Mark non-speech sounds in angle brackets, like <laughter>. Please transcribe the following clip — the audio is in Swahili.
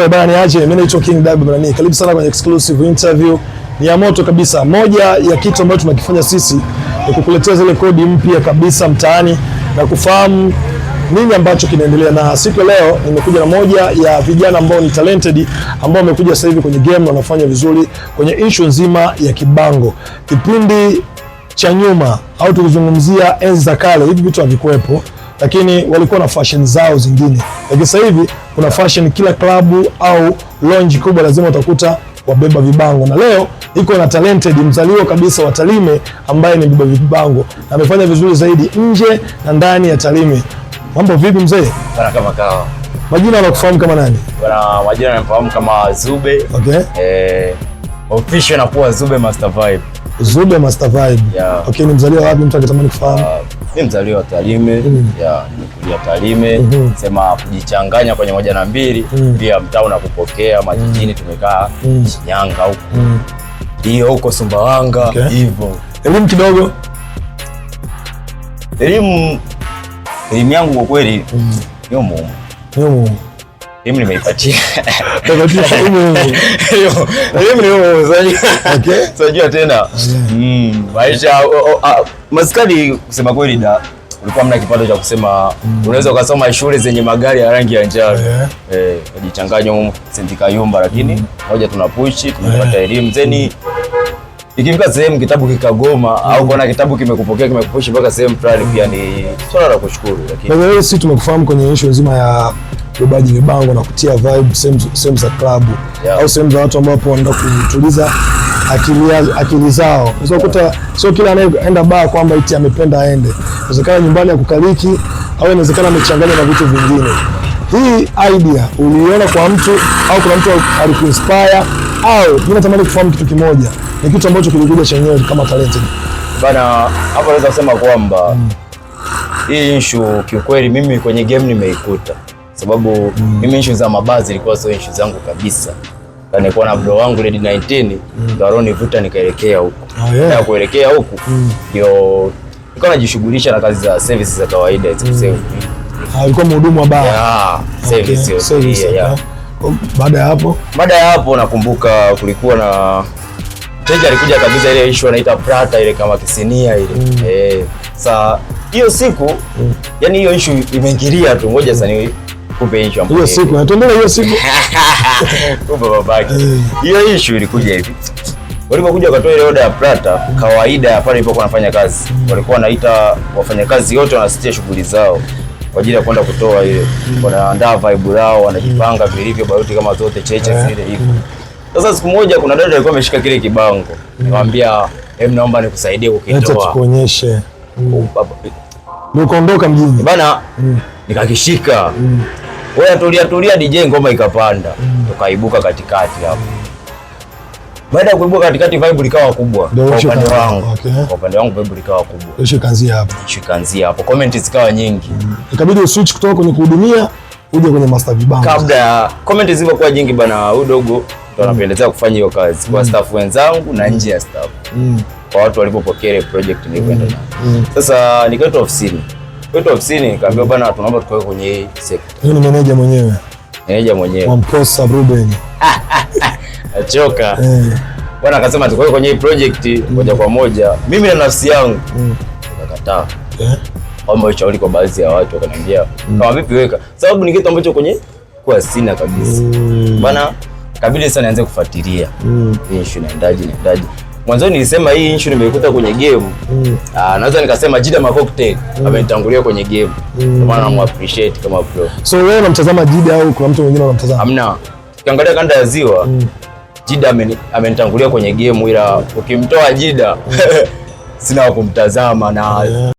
Yo bana, niache mimi naitwa King Dabi bana, karibu sana kwenye exclusive interview ni ya moto kabisa. Moja ya kitu ambacho tunakifanya sisi ni kukuletea zile kodi mpya kabisa mtaani na kufahamu nini ambacho kinaendelea, na siku ya leo nimekuja na moja ya vijana ambao ni talented ambao wamekuja sasa hivi kwenye game wanafanya vizuri kwenye issue nzima ya kibango. Kipindi cha nyuma au tukizungumzia enzi za kale hivi vitu havikuwepo lakini walikuwa na fashion zao zingine. Lakini sasa hivi kuna fashion, kila klabu au lounge kubwa lazima utakuta wabeba vibango, na leo iko na talented mzaliwa kabisa wa Tarime ambaye ni mbeba vibango na amefanya vizuri zaidi nje na ndani ya Tarime. Mambo vipi mzee? Bana kama kawa. Majina anakufahamu kama nani? Bana majina anafahamu kama Zube. Okay. Eh, official anakuwa Zube Master Vibe. Zube Master Vibe. Yeah. Okay, ni mzaliwa wapi mtu akitamani kufahamu? Uh, ni mzaliwa wa Tarime mm. Mm-hmm. ya nimekulia Tarime mm -hmm. sema kujichanganya kwenye moja na mbili mm-hmm. pia mm. mtaa unakupokea majijini mm-hmm. tumekaa mm. Shinyanga huko hiyo mm. huko Sumbawanga hivyo okay. elimu kidogo elimu elimu yangu kwa kweli mm. yomo yomo mimi nimeipatia. Unajua tena mm, maisha maskani, kusema kweli da ulikuwa mna kipato cha kusema mm. Unaweza ukasoma shule zenye magari ya rangi ya njano yeah. Eh, ujichanganya huko senti kayumba, lakini mm. moja tunapushi kumepata elimu zeni ikifika sehemu kitabu kikagoma mm. au kitabu kimekupokea mpaka sehemu fulani, pia ni swala la kushukuru, lakini sisi tumekufahamu kwenye issue nzima ya ubebaji vibango na kutia vibe sehemu za klabu yeah. au sehemu za watu ambao wanaenda kutuliza akili, akili zao unaweza kukuta yeah. Sio kila anayeenda baa kwamba eti amependa aende, inawezekana nyumbani ya kukaliki au inawezekana amechanganya na vitu vingine. Hii idea uliiona kwa mtu au kuna mtu alikuinspire? Au mimi natamani kufahamu kitu kimoja, ni kitu ambacho kilikuja chenyewe kama talented bana. Hapo naweza kusema kwamba mm. hii issue kiukweli mimi kwenye game nimeikuta sababu mimi issue za mabazi ilikuwa sio issue zangu kabisa. Nilikuwa na bro wangu Red 19 mm. ndio alonivuta nikaelekea huko. Ah, na kuelekea huko mm. ndio nilikuwa najishughulisha na kazi za services za kawaida hizo. Mm. Alikuwa ah, mhudumu wa baa. Yeah, service hiyo. Service. Baada ya hapo, baada ya hapo nakumbuka kulikuwa na mteja alikuja kabisa, ile issue anaita prata ile kama kisinia ile. Mm. Eh, sa hiyo siku mm. yani hiyo issue imeingilia tu, ngoja sasa ni kumbe issue hiyo siku natembelea hiyo siku kumbe babake, hiyo issue ilikuja hivi walipokuja wakatoa ile oda ya plata. Kawaida pale ilipokuwa nafanya kazi, walikuwa wanaita wafanyakazi wote, wanasitia shughuli zao kwa ajili ya kwenda kutoa ile, wanaandaa vibe lao, wanajipanga vilivyo, baruti kama zote, cheche eh. zile hivyo. Sasa siku moja, kuna dada alikuwa ameshika kile kibango, nikamwambia hem, naomba nikusaidie kukitoa, acha tukuonyeshe. mjini bana, mm. nikakishika mm. Kwa tulia tulia DJ ngoma ikapanda. Tukaibuka katikati hapo. Baada ya kuibuka katikati vibe likawa kubwa. Kwa upande wangu. Kwa upande wangu vibe likawa kubwa. Ishu kaanzia hapo. Ishu kaanzia hapo. Comment zikawa nyingi. Mm. Ikabidi uswitch kutoka kwenye kuhudumia uje kwenye master vibango. Kabla ya comment zilivyokuwa nyingi bana, udogo ndo mm. anapendelea kufanya hiyo kazi kwa mm. staff wenzangu na nje ya staff. Mm. Kwa watu walipopokea project nilivyoenda. Mm. Sasa nikaitwa ofisini. Kwenda ofisini kaambia bwana, tunaomba tukae kwenye hii sekta. Huyu ni meneja mwenyewe. Meneja mwenyewe. Mwamposa Ruben. <laughs> Achoka. Eh. Bwana akasema tukae kwenye hii project moja mm. kwa moja. Mimi na nafsi yangu. Mm. Nikakataa. Eh. Omba ushauri kwa baadhi ya watu wakaniambia, mm. "Kama vipi weka?" Sababu ni kitu ambacho kwenye kwa sina kabisa. Mm. Bwana kabidi sana nianze kufuatilia. Mm. Issue inaendaje, inaendaje mwanzo nilisema hii issue nimeikuta kwenye game mm. Ah, naweza nikasema Jida Macocktail mm. amenitangulia kwenye game mm. kwa maana namu appreciate kama bro. So wewe unamtazama Jida au kuna mtu mwingine unamtazama? Hamna, ukiangalia kanda ya ziwa mm. Jida amenitangulia kwenye game, ila ukimtoa Jida mm. <laughs> sina kumtazama na yeah.